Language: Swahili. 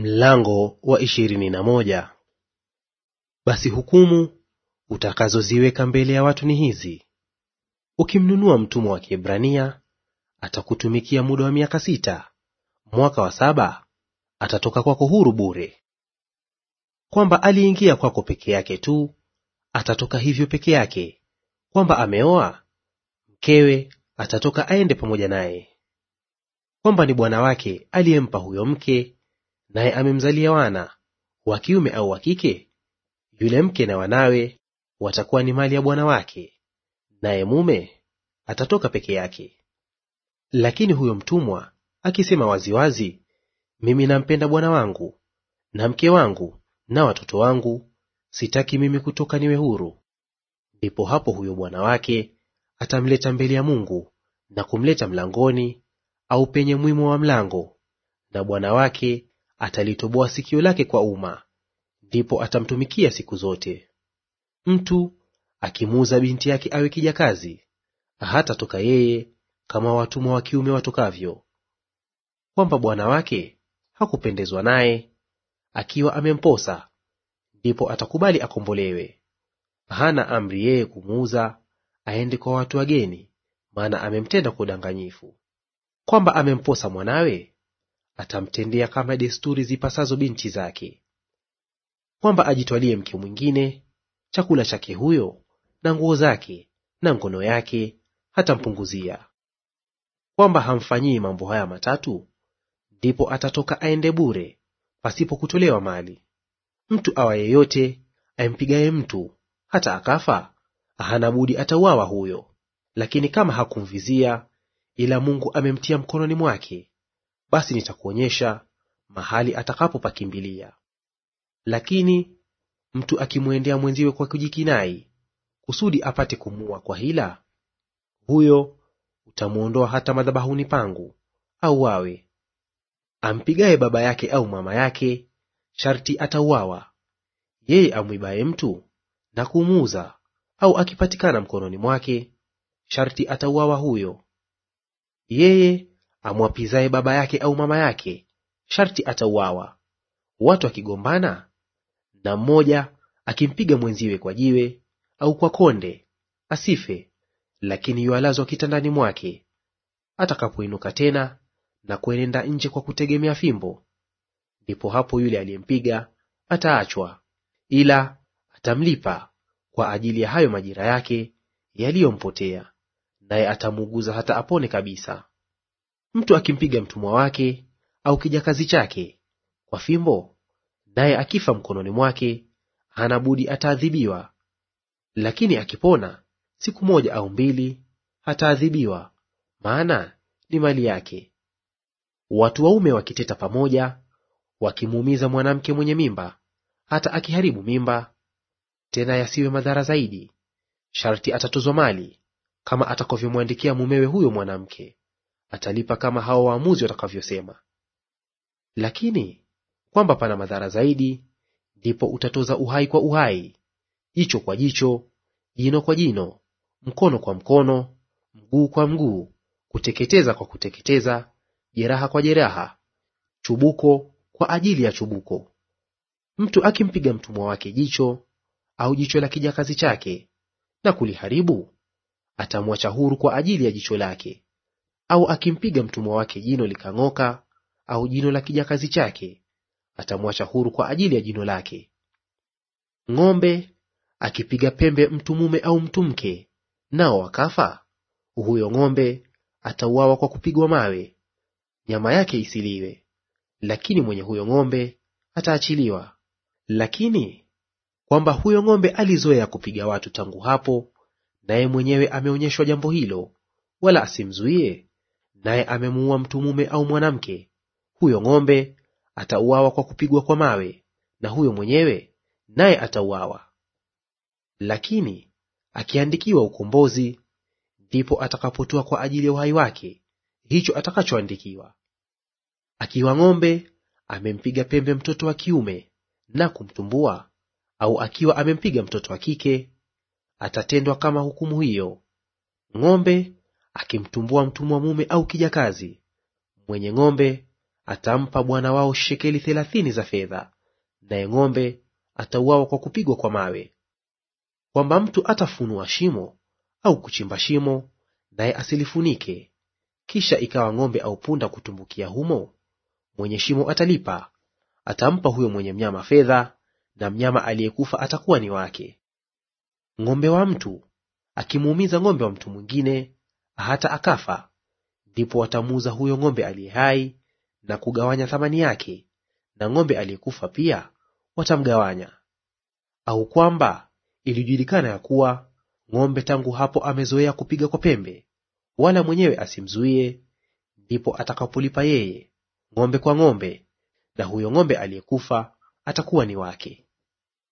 Mlango wa ishirini na moja. Basi hukumu utakazoziweka mbele ya watu ni hizi: ukimnunua mtumwa wa Kiebrania atakutumikia muda wa miaka sita, mwaka wa saba atatoka kwako huru bure. Kwamba aliingia kwako peke yake tu atatoka hivyo peke yake; kwamba ameoa mkewe atatoka aende pamoja naye; kwamba ni bwana wake aliyempa huyo mke naye amemzalia wana wa kiume au wa kike, yule mke na wanawe watakuwa ni mali ya bwana wake, naye mume atatoka peke yake. Lakini huyo mtumwa akisema waziwazi, mimi nampenda bwana wangu na mke wangu na watoto wangu, sitaki mimi kutoka niwe huru, ndipo hapo huyo bwana wake atamleta mbele ya Mungu na kumleta mlangoni au penye mwimo wa mlango, na bwana wake atalitoboa sikio lake kwa umma, ndipo atamtumikia siku zote. Mtu akimuuza binti yake awe kijakazi, toka yeye kama watumwa wa kiume watokavyo; kwamba bwana wake hakupendezwa naye, akiwa amemposa, ndipo atakubali akombolewe. Hana amri yeye kumuuza aende kwa watu wageni, maana amemtenda kwa udanganyifu. Kwamba amemposa mwanawe atamtendea kama desturi zipasazo binti zake, kwamba ajitwalie mke mwingine chakula chake huyo na nguo zake na ngono yake hatampunguzia; kwamba hamfanyii mambo haya matatu, ndipo atatoka aende bure pasipo kutolewa mali. Mtu awa yeyote aimpigaye mtu hata akafa, hana budi atauawa huyo. Lakini kama hakumvizia, ila Mungu amemtia mkononi mwake, basi nitakuonyesha mahali atakapopakimbilia. Lakini mtu akimwendea mwenziwe kwa kujikinai, kusudi apate kumuua kwa hila, huyo utamwondoa hata madhabahuni pangu wawe Ampigaye baba yake au mama yake sharti atauawa. Yeye amwibaye mtu na kumuuza au akipatikana mkononi mwake sharti atauawa huyo. Yeye amwapizaye baba yake au mama yake sharti atauawa. Watu akigombana na mmoja akimpiga mwenziwe kwa jiwe au kwa konde, asife, lakini yualazwa kitandani mwake. Atakapoinuka tena na kuenenda nje kwa kutegemea fimbo, ndipo hapo yule aliyempiga ataachwa, ila atamlipa kwa ajili ya hayo majira yake yaliyompotea, naye atamuuguza hata apone kabisa. Mtu akimpiga mtumwa wake au kijakazi chake kwa fimbo, naye akifa mkononi mwake, hana budi ataadhibiwa; lakini akipona siku moja au mbili, hataadhibiwa, maana ni mali yake. Watu waume wakiteta pamoja, wakimuumiza mwanamke mwenye mimba, hata akiharibu mimba, tena yasiwe madhara zaidi, sharti atatozwa mali, kama atakavyomwandikia mumewe huyo mwanamke atalipa kama hao waamuzi watakavyosema. Lakini kwamba pana madhara zaidi, ndipo utatoza uhai kwa uhai, jicho kwa jicho, jino kwa jino, mkono kwa mkono, mguu kwa mguu, kuteketeza kwa kuteketeza, jeraha kwa jeraha, chubuko kwa ajili ya chubuko. Mtu akimpiga mtumwa wake jicho au jicho la kijakazi chake na kuliharibu, atamwacha huru kwa ajili ya jicho lake au akimpiga mtumwa wake jino likang'oka, au jino la kijakazi chake, atamwacha huru kwa ajili ya jino lake. Ng'ombe akipiga pembe mtu mume au mtu mke, nao akafa, huyo ng'ombe atauawa kwa kupigwa mawe, nyama yake isiliwe, lakini mwenye huyo ng'ombe ataachiliwa. Lakini kwamba huyo ng'ombe alizoea kupiga watu tangu hapo, naye mwenyewe ameonyeshwa jambo hilo, wala asimzuie, naye amemuua mtu mume au mwanamke, huyo ng'ombe atauawa kwa kupigwa kwa mawe, na huyo mwenyewe naye atauawa. Lakini akiandikiwa ukombozi, ndipo atakapotoa kwa ajili ya uhai wake hicho atakachoandikiwa. Akiwa ng'ombe amempiga pembe mtoto wa kiume na kumtumbua, au akiwa amempiga mtoto wa kike, atatendwa kama hukumu hiyo. Ng'ombe akimtumbua mtumwa mume au kijakazi mwenye ng'ombe atampa bwana wao shekeli thelathini za fedha, naye ng'ombe atauawa kwa kupigwa kwa mawe. Kwamba mtu atafunua shimo au kuchimba shimo, naye asilifunike, kisha ikawa ng'ombe au punda kutumbukia humo, mwenye shimo atalipa, atampa huyo mwenye mnyama fedha, na mnyama aliyekufa atakuwa ni wake. Ng'ombe wa mtu akimuumiza ng'ombe wa mtu mwingine, hata akafa, ndipo watamuuza huyo ng'ombe aliye hai na kugawanya thamani yake, na ng'ombe aliyekufa pia watamgawanya. Au kwamba ilijulikana ya kuwa ng'ombe tangu hapo amezoea kupiga kwa pembe, wala mwenyewe asimzuie, ndipo atakapolipa yeye ng'ombe kwa ng'ombe, na huyo ng'ombe aliyekufa atakuwa ni wake.